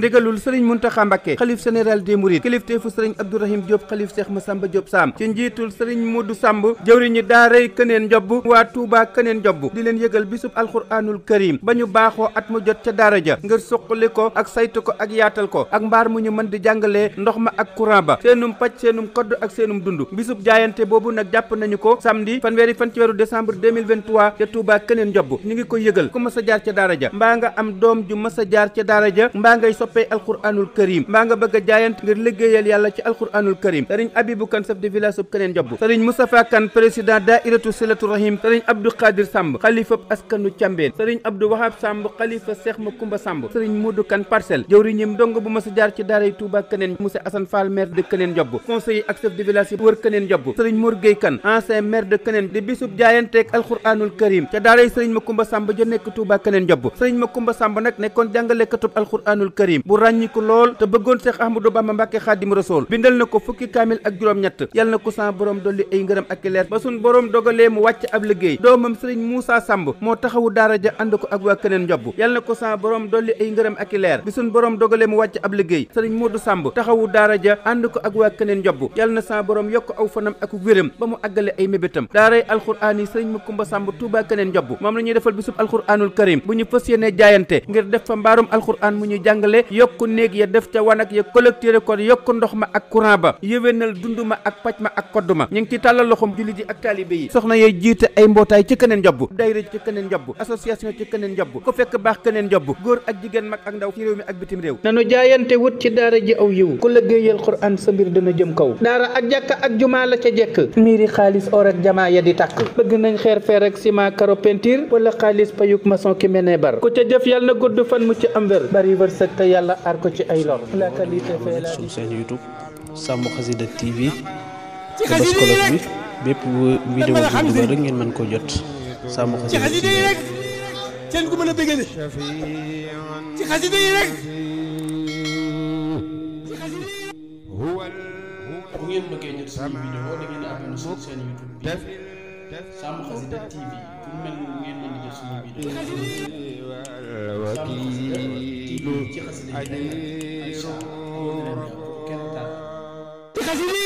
ndigalul sëriñ muntaxa mbàkke xalif général des mourides kilifteefu sëriñ abdourahim diop xalif cheikh masamba diop sam ci njiitul sëriñ mudu sàmb jëwriñu daaray këneen njobb waa tuubaa këneen njobb di leen yëgal bisub alxuraanul karim ba ñu baaxoo at mu jot ca daara ja ngir suqali ko ak saytu ko ak yaatal ko ak mbaar mu ñu mën di jàngalee ndox ma ak courant ba seenum paj seenum kodd ak seenum dund bisub jaayante boobu nag jàpp nañu ko samedi di fan ci weeru décembre 2023 ca tuubaa këneen ko yëgal ku mas a jaar ca daara ja mbaa am doom ju a jaar ca daara ja mbaa soppee alquranul karim mbaa nga bëgg a jaayant ngir liggéeyal yàlla ci alquranul karim sëriñ abibu kan chef de village keneen jobb sëriñ moustapha kan président daairatu silatu rahim sëriñ abdou xaadir sàmb xalifa askanu cambeen sëriñ abdou wahab sàmb xalifa seex ma kumba sàmb sëriñ moodu kan parcelle jëwriñam dong bu mas a jaar ci daaray touba keneen monsieur asan fall maire de keneen jobb conseiller ak chef de village yi wër keneen jobb sëriñ mor gueye karim bu ràññiku lool te bëggoon seex ahmadou bamba mbàkke xaadim rasool bindal na ko fukki kaamil ak juróom-ñett yal na ko san borom dolli ay ngërëm ak ba sun borom dogalee mu wàcc ab liggéey doomam sëriñ Moussa Samb moo taxawu daara ja ànd ko ak waa keneen njobb yal na ko san borom dolli ay ngërëm ak leer bi sun borom dogalee mu wàcc ab liggéey sëriñ Modou Samb taxawu daara ja ànd ko ak waa keneen njobb yal na san borom yokk aw fanam ak wéram ba yooyee yokku néeg ya def ca wanag ya collecteur kon yokk ndox ma ak courant ba yëwénal dund ma ak paj ma ak kodd ma ñu ngi ci tàllal loxoom julli ji ak taalibe yi soxna yooyu jiite ay mbootaay ci keneen njobb daayira ci keneen njobb association ci keneen njobb ko fekk baax keneen njobb góor ak jigéen mag ak ndaw ci réew mi ak bitim réew nanu jaayante wut ci daara ji aw yiw ku liggéeyal Qur'an sa mbir dana jëm kaw daara ak jàkk ak jumaa la ca jekk miiri xaalis or ak jamaa ya di tàkk bëgg nañ xeer feer ak ciment karo peinture wala xaalis payuk maçon ki menee bar ku ca jëf yàlla na gudd fan mu ci am yàlla aar ko ci ay lor. suñu seen YouTube Sàmm Xasida TV. ci xasida yi rek bépp vidéo bi dugal ngeen mën koo jot. Sàmm Xasida TV ci xasida yi rek. seen ku mën a bégale. ci Sàmm Xasida TV ci xasida yi